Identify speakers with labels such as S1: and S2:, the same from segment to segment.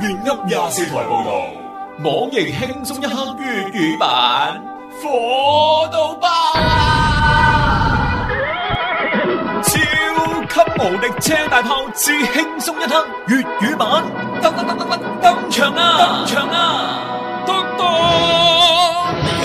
S1: 亂噏廿四台報道，網易輕鬆一刻粵語版，
S2: 火到爆啊！
S1: 超級無敵車大炮，至輕鬆一刻粵語版，登登登登噔登場啊！登場啊！咚咚。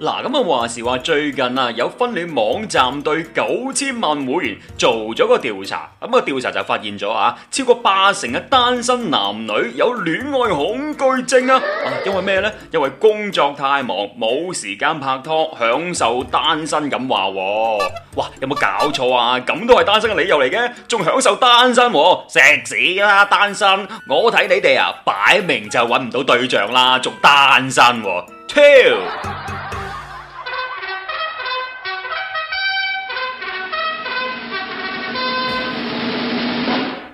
S1: 嗱，咁啊話時話最近啊有婚戀網站對九千萬會員做咗個調查，咁個調查就發現咗啊，超過八成嘅單身男女有戀愛恐懼症啊！因為咩呢？因為工作太忙，冇時間拍拖，享受單身咁話。哇，有冇搞錯啊？咁都係單身嘅理由嚟嘅，仲享受單身，錫死啦單身。我睇你哋啊，擺明就搵唔到對象啦，仲單身喎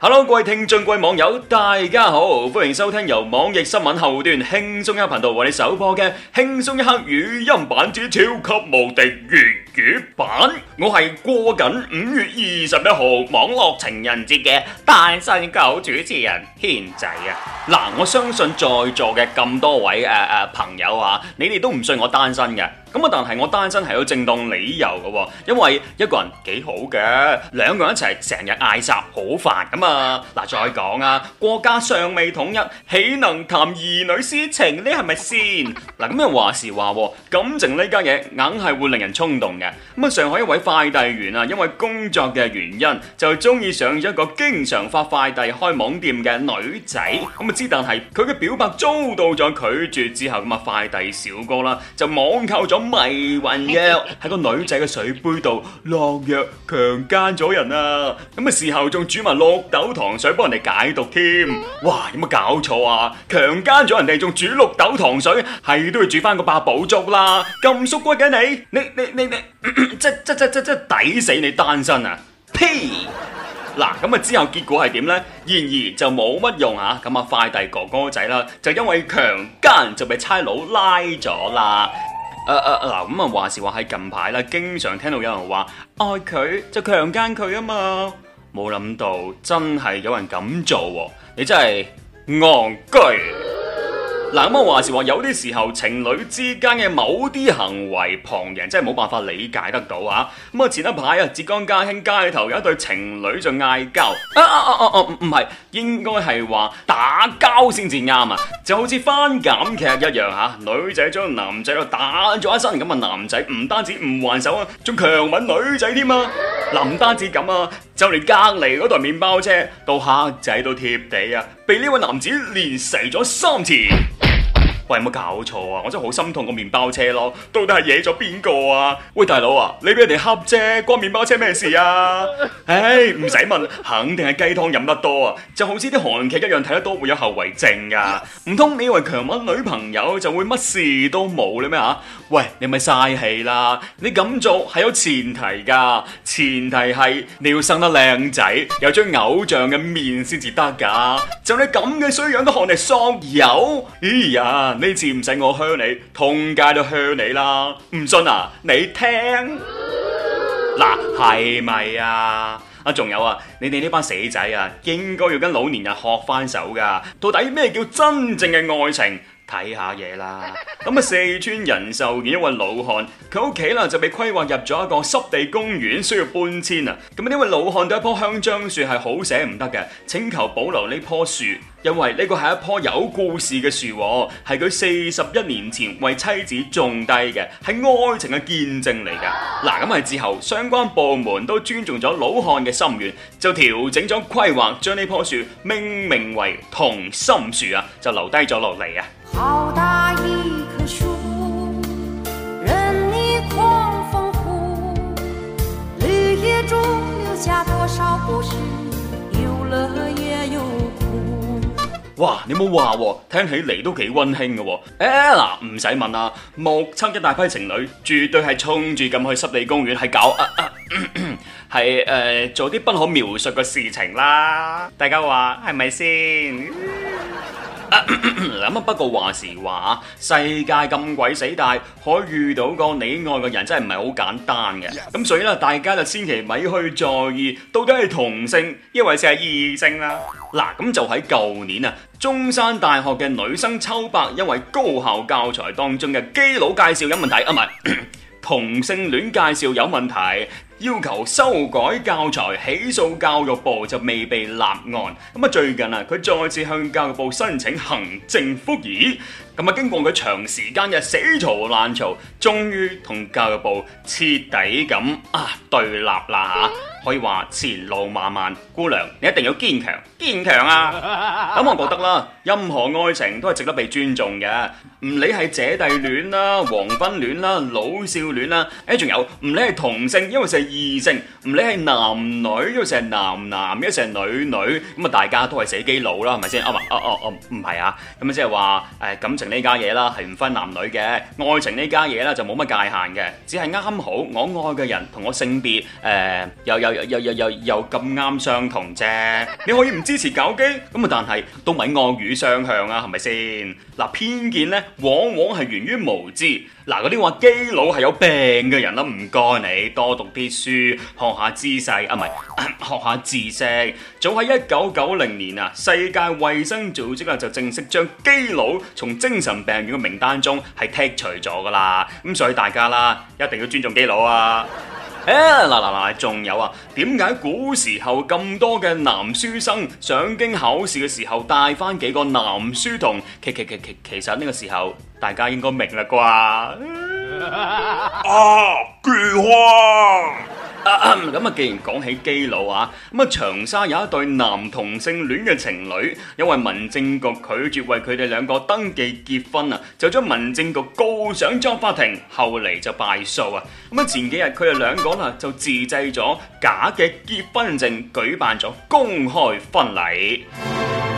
S1: Hello，各位聽眾、各位網友，大家好，歡迎收聽由網易新聞後端輕鬆一刻頻道為你首播嘅輕鬆一刻語音版之超級無敵粵語版。我係過緊五月二十一號網絡情人節嘅單身狗主持人軒仔啊！嗱，我相信在座嘅咁多位誒誒、啊啊、朋友啊，你哋都唔信我單身嘅。咁啊！但係我單身係有正當理由嘅，因為一個人幾好嘅，兩個人一齊成日嗌雜好煩噶嘛。嗱，再講啊，國家尚未統一，豈能談兒女私情呢？係咪先？嗱，咁 又話時話，感情呢間嘢硬係會令人衝動嘅。咁啊，上海一位快遞員啊，因為工作嘅原因就中意上咗一個經常發快遞開網店嘅女仔。咁啊知，但係佢嘅表白遭到咗拒絕之後，咁啊快遞小哥啦就網購咗迷魂藥喺個女仔嘅水杯度落藥強姦咗人啊！咁嘅時候仲煮埋綠豆糖水幫人哋解毒添。哇！有冇搞錯啊？強姦咗人哋仲煮綠豆糖水，係都要煮翻個八寶粥啦！咁縮骨嘅你，你你你你，即即即即抵死你單身啊！呸！嗱，咁啊之後結果係點呢？然而就冇乜用啊！咁啊快遞哥哥仔啦，就因為強姦就俾差佬拉咗啦。誒誒嗱，咁啊話時話喺近排啦，經常聽到有人話愛佢就強姦佢啊嘛，冇諗到真係有人咁做喎，哦！你真係戇居。嗱，咁啊，我話時話，有啲時候情侶之間嘅某啲行為，旁人真係冇辦法理解得到啊。咁啊，前一排啊，浙江嘉興街頭有一對情侶就嗌交，啊啊啊啊啊，唔、啊、係、啊，應該係話打交先至啱啊，就好似翻減劇一樣吓、啊，女仔將男仔度打咗一身咁啊，男仔唔單止唔還手啊，仲強吻女仔添啊，嗱，唔單止咁啊。就連隔籬嗰台麵包車，到黑仔都貼地啊，被呢位男子連射咗三次。喂，有冇搞錯啊？我真係好心痛個麵包車咯，到底係惹咗邊個啊？喂，大佬啊，你俾人哋恰啫，關麵包車咩事啊？唉，唔使問，肯定係雞湯飲得多啊！就好似啲韓劇一樣睇得多會有後遺症噶啊。唔通你以為強吻女朋友就會乜事都冇你咩啊？喂，你咪嘥氣啦！你咁做係有前提噶，前提係你要生得靚仔，有張偶像嘅面先至得噶。就你咁嘅衰樣都學嚟索油，咦哎呀！呢次唔使我向你，通街都向你啦！唔信啊，你聽嗱，係咪 啊？啊，仲有啊，你哋呢班死仔啊，應該要跟老年人學翻手噶，到底咩叫真正嘅愛情？睇下嘢啦，咁啊，四川仁壽嘅一位老漢，佢屋企啦就被規劃入咗一個濕地公園，需要搬遷啊。咁呢位老漢對一棵香樟樹係好捨唔得嘅，請求保留呢棵樹，因為呢個係一棵有故事嘅樹，係佢四十一年前為妻子種低嘅，係愛情嘅見證嚟嘅。嗱，咁啊，之後相關部門都尊重咗老漢嘅心願，就調整咗規劃，將呢棵樹命名為同心樹啊，就留低咗落嚟啊。
S2: 好大一棵樹，任你狂風呼，綠葉中留下多少故事，有樂也有
S1: 苦。哇，你冇話喎，聽起嚟都幾溫馨嘅喎。哎、欸、嗱，唔使問啦，目測一大批情侶，絕對係衝住咁去濕地公園，係搞啊係誒、啊呃，做啲不可描述嘅事情啦。大家話係咪先？嗯啊咳咳，不過話時話，世界咁鬼死大，可以遇到個你愛嘅人真係唔係好簡單嘅。咁、yes. 所以咧，大家就千祈咪去在意到底係同性，抑或是係異性啦。嗱，咁就喺舊年啊，中山大學嘅女生秋白，因為高校教材當中嘅基佬介紹有問題啊，唔係咳咳同性戀介紹有問題。要求修改教材，起訴教育部就未被立案。咁啊，最近啊，佢再次向教育部申請行政復議。咁啊，經過佢長時間嘅死嘈爛嘈，嘈，終於同教育部徹底咁啊對立啦嚇。可以話前路漫漫，姑娘你一定要堅強堅強啊！咁 我覺得啦，任何愛情都係值得被尊重嘅，唔理係姐弟戀啦、黃昏戀啦、老少戀啦，誒、欸、仲有唔理係同性，因為成異性，唔理係男女，因為成男男亦成女女，咁啊大家都係死基佬啦，係咪先？啊嘛，啊啊啊唔係啊，咁啊即係話誒感情呢家嘢啦，係唔分男女嘅，愛情呢家嘢啦就冇乜界限嘅，只係啱好我愛嘅人同我性別誒又有。又又又又咁啱相同啫！你可以唔支持搞基咁啊，但係都咪惡語相向啊，係咪先？嗱，偏見呢往往係源於無知。嗱，嗰啲話基佬係有病嘅人啦，唔該你多讀啲書，學下姿勢啊，唔係學下知識。早喺一九九零年啊，世界衛生組織啊就正式將基佬從精神病院嘅名單中係剔除咗噶啦。咁所以大家啦，一定要尊重基佬啊！誒、啊，嗱嗱嗱，仲有啊，點解古時候咁多嘅男書生上京考試嘅時候帶翻幾個男書童？其其其其，其實呢個時候大家應該明啦啩。
S2: 啊，
S1: 菊花。咁啊、嗯，既然講起基佬啊，咁啊長沙有一對男同性戀嘅情侶，因為民政局拒絕為佢哋兩個登記結婚啊，就將民政局告上咗法庭，後嚟就敗訴啊。咁啊前幾日佢哋兩個啦就自製咗假嘅結婚證，舉辦咗公開婚禮。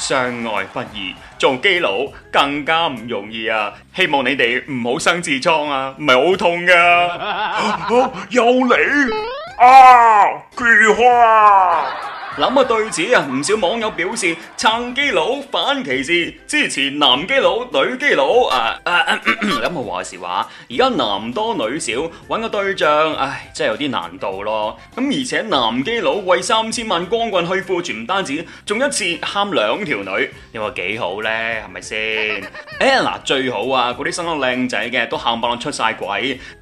S1: 相愛不易，做基佬更加唔容易啊！希望你哋唔好生痔瘡啊，唔係好痛㗎、 啊。有你啊，菊花。諗啊，對此啊，唔少網友表示撐基佬反歧視，支持男基佬女基佬。啊啊，諗下話時話，而家男多女少，揾個對象，唉，真係有啲難度咯。咁而且男基佬為三千萬光棍去付全單唔單止，仲一次喊兩條女，你話幾好呢？係咪先？誒、 欸，嗱，最好啊，嗰啲生得靚仔嘅都喊爆出晒鬼，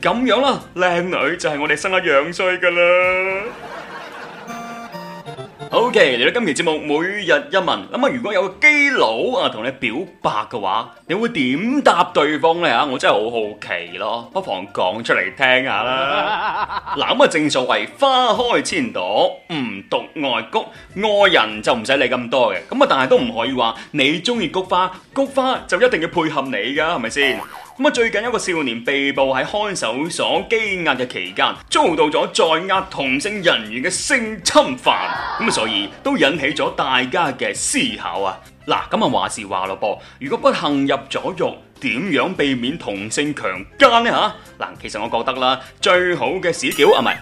S1: 咁樣啦，靚女就係我哋生得樣衰噶啦。Ok，嚟到今期節目每日一問。咁啊，如果有個基佬啊同你表白嘅話，你會點答對方呢？吓？我真係好好奇咯，不妨講出嚟聽下啦。嗱，咁啊正所謂花開千朵，唔獨外菊，愛人就唔使理咁多嘅。咁啊，但係都唔可以話你中意菊花，菊花就一定要配合你噶，係咪先？咁啊，最近一個少年被捕喺看守所拘押嘅期間，遭到咗在押同性人員嘅性侵犯，咁啊，所以都引起咗大家嘅思考啊。嗱，咁啊話是話咯噃，如果不幸入咗獄，點樣避免同性強奸呢？嚇？嗱，其實我覺得啦，最好嘅史料啊咪。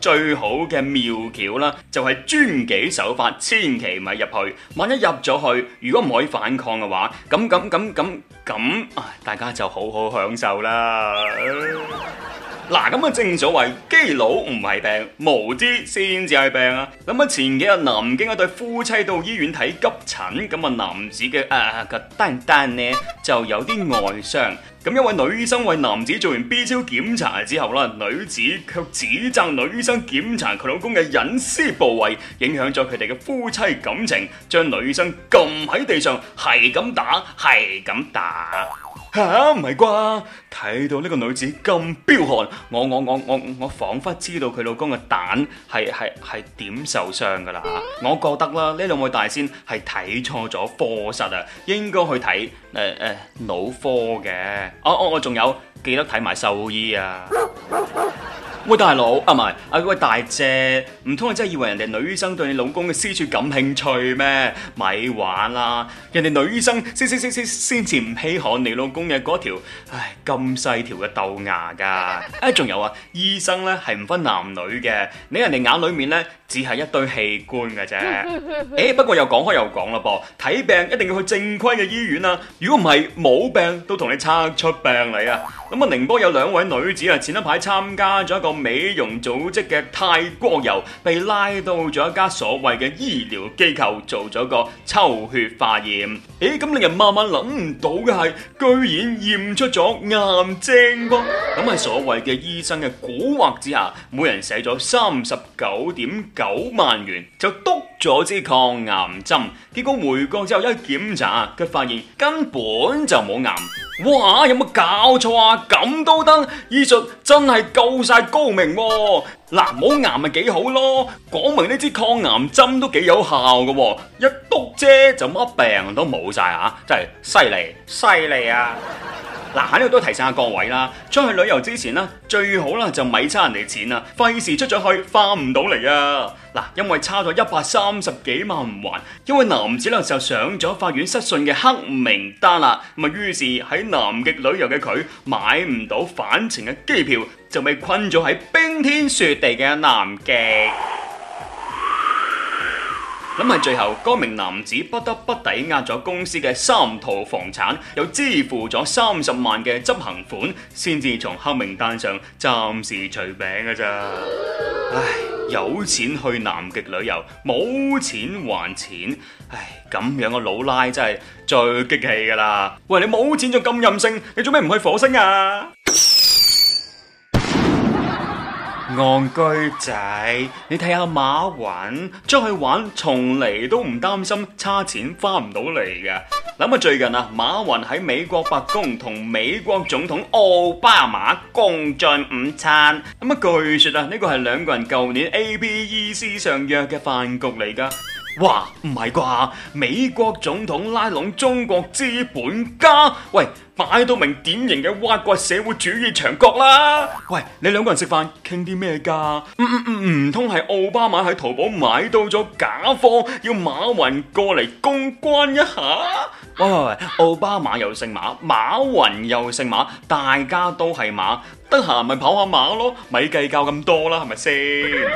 S1: 最好嘅妙橋啦，就係遵紀守法，千祈唔係入去。萬一入咗去，如果唔可以反抗嘅話，咁咁咁咁咁，大家就好好享受啦。嗱，咁啊正所謂基佬唔係病，無知先至係病啊！咁啊前幾日南京一對夫妻到醫院睇急診，咁啊男子嘅啊個丹丹呢就有啲外傷，咁一位女醫生為男子做完 B 超檢查之後啦，女子卻指責女醫生檢查佢老公嘅隱私部位，影響咗佢哋嘅夫妻感情，將女生撳喺地上，係咁打，係咁打。吓，唔係啩？睇到呢個女子咁彪悍，我我我我我仿佛知道佢老公嘅蛋係係係點受傷噶啦！我覺得啦，呢兩位大仙係睇錯咗科室啊，應該去睇誒誒腦科嘅。哦、啊、哦，我仲有記得睇埋獸醫啊！喂，大佬啊，唔係啊，喂，大姐。唔通你真係以為人哋女醫生對你老公嘅私處感興趣咩？咪玩啦！人哋女醫生先至唔稀罕你老公嘅嗰條咁細條嘅豆芽噶、啊！仲、欸、有啊，醫生呢係唔分男女嘅，你人哋眼裏面呢只係一堆器官嘅啫。
S2: 誒、 欸，不
S1: 過又講開又講啦噃，睇病一定要去正規嘅醫院啊，如果唔係，冇病都同你測出病嚟啊！咁啊，寧波有兩位女子啊，前一排參加咗一個美容組織嘅泰國遊。被拉到咗一家所謂嘅醫療機構做咗個抽血化驗，誒，咁令人慢慢諗唔到嘅係，居然驗出咗癌症噃！咁喺所謂嘅醫生嘅蠱惑之下，每人寫咗三十九點九萬元，就督咗支抗癌針，結果回國之後一檢查，佢發現根本就冇癌。哇！有冇搞錯啊？咁都得？醫術真係夠晒高明喎、啊！嗱、啊，冇癌咪幾好咯，講明呢支抗癌針都幾有效喎、啊！一督啫就乜病都冇晒啊！真係犀利，犀利啊！ 嗱，喺度都提醒下各位啦，出去旅遊之前呢，最好咧就咪差別人哋錢啦，費事出咗去返唔到嚟啊！嗱，因為差咗一百三十幾萬唔還，因為男子咧就上咗法院失信嘅黑名單啦，咁啊於是喺南極旅遊嘅佢買唔到返程嘅機票，就被困咗喺冰天雪地嘅南極。諗係最後，嗰名男子不得不抵押咗公司嘅三套房產，又支付咗三十萬嘅執行款，先至從黑名單上暫時除名嘅咋。唉，有錢去南極旅遊，冇錢還錢，唉，咁樣嘅老賴真係最激氣噶啦！喂，你冇錢就咁任性，你做咩唔去火星啊？戇居仔，你睇下馬雲出去玩，從嚟都唔擔心差錢翻唔到嚟嘅。諗下最近啊，馬雲喺美國白宮同美國總統奧巴馬共進午餐，咁啊，據說啊，呢個係兩個人舊年 APEC 上約嘅飯局嚟噶。哇，唔係啩？美國總統拉攏中國資本家喂？擺到明典型嘅挖掘社會主義牆角啦！喂，你兩個人食飯傾啲咩㗎？唔唔唔，唔通係奧巴馬喺淘寶買到咗假貨，要馬雲過嚟公關一下？喂喂喂，奧巴馬又姓馬，馬雲又姓馬，大家都係馬，得閒咪跑下馬咯，咪計較咁多啦，係咪先？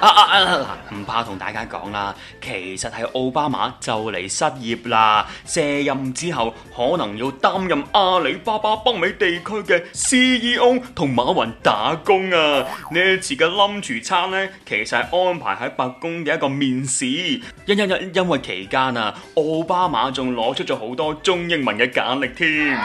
S1: 啊啊啊！同大家講啦，其實係奧巴馬就嚟失業啦，卸任之後可能要擔任阿里巴巴北美地區嘅 CEO 同馬雲打工啊！呢次嘅冧廚餐呢，其實係安排喺白宮嘅一個面試。因因因，因為期間啊，奧巴馬仲攞出咗好多中英文嘅簡歷添。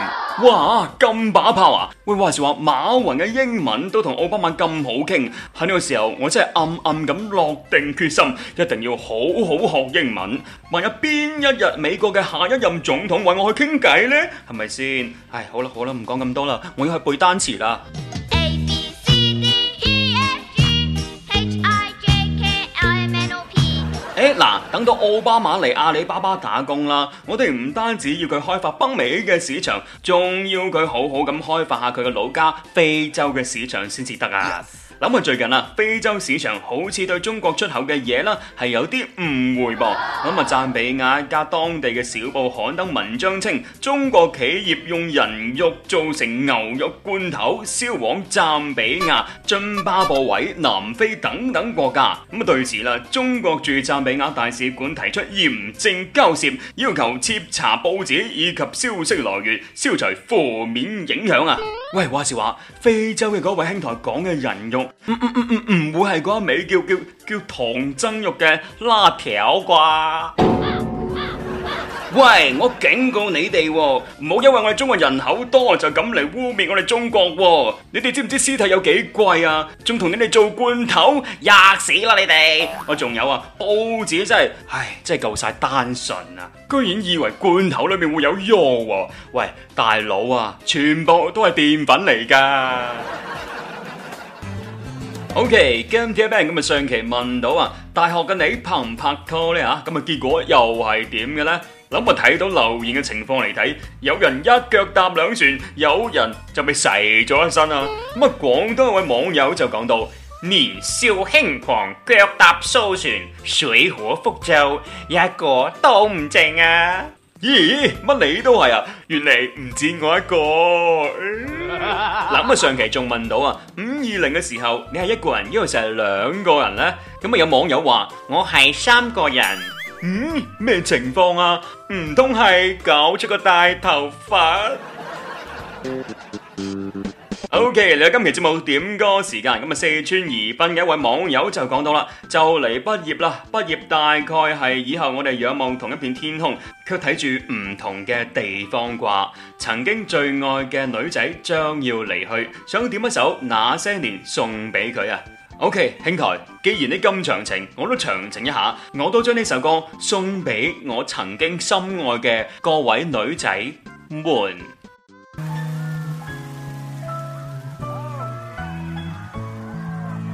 S1: 哇，咁把炮啊！喂，話說馬雲嘅英文都同奧巴馬咁好傾？喺呢個時候，我真係暗暗咁落定決定一定要好好學英文，萬一邊一日美國嘅下一任總統揾我去傾偈呢，係咪先？唉，好啦好啦，唔講咁多啦，我要去背單詞啦。
S2: abcdefghijklmnop
S1: 誒，嗱、欸，等到奧巴馬嚟阿里巴巴打工啦，我哋唔單止要佢開發北美嘅市場，仲要佢好好咁開發下佢嘅老家非洲嘅市場先至得啊！Yes. 諗下最近啊，非洲市場好似對中國出口嘅嘢啦，係有啲誤會噃。咁啊，贊比亞加當地嘅小報刊登文章稱，中國企業用人肉做成牛肉罐頭銷往贊比亞、津巴布韋、南非等等國家。咁啊，對此啦，中國駐贊比亞大使館提出嚴正交涉，要求徹查報紙以及消息來源，消除負面影響啊。嗯。喂，話時話，非洲嘅嗰位兄台講嘅人肉。唔唔唔唔唔會係嗰味叫叫叫唐僧肉嘅拉條啩？喂！我警告你哋，唔好因為我哋中國人口多就咁嚟污衊我哋中國。你哋知唔知屍體有幾貴啊？仲同你哋做罐頭，吔屎啦你哋！我仲有啊，報紙真係，唉，真係夠晒單純啊！居然以為罐頭裏面會有肉？喂，大佬啊，全部都係澱粉嚟㗎。OK，James 咁啊，上期問到啊，大學嘅你拍唔拍拖咧吓？咁啊，結果又係點嘅咧？諗啊，睇到留言嘅情況嚟睇，有人一腳踏兩船，有人就被洗咗一身啊。咁啊，廣東一位網友就講到：年少輕狂，腳踏雙船，水火覆舟，一個都唔正啊！咦，乜你都係啊？原來唔止我一個。嗱、嗯，咁啊，上期仲問到啊，五二零嘅時候，你係一個人，因為成日兩個人呢。咁啊，有網友話我係三個人。嗯，咩情況啊？唔通係搞出個大頭髮？ O K，嚟到今期節目點歌時間，咁啊，四川宜賓嘅一位網友就講到啦，就嚟畢業啦，畢業大概係以後我哋仰望同一片天空，卻睇住唔同嘅地方啩。曾經最愛嘅女仔將要離去，想點一首《那些年送給她》送俾佢啊。O K，兄台，既然你咁長情，我都長情一下，我都將呢首歌送俾我曾經心愛嘅各位女仔們。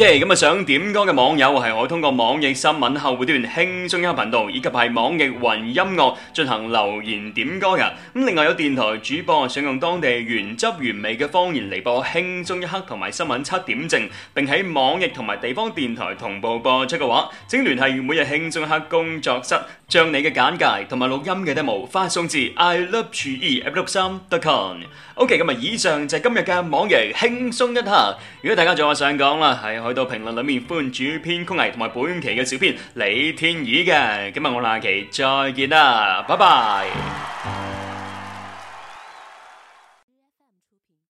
S1: 咁啊想點歌嘅網友係可以通過網易新聞客戶端輕鬆一刻頻道，以及係網易雲音樂進行留言點歌嘅。咁另外有電台主播想用當地原汁原味嘅方言嚟播輕鬆一刻同埋新聞七點正，並喺網易同埋地方電台同步播出嘅話，請聯繫每日輕鬆一刻工作室，將你嘅簡介同埋錄音嘅 demo 發送至 i love 163.com。OK，咁日以上就係今日嘅網易輕鬆一刻。如果大家仲有我想講啦，係喺度評論裏面歡迎主編曲藝同埋本期嘅小編李天宇嘅，今日
S2: 我哋下期再見啦，拜拜。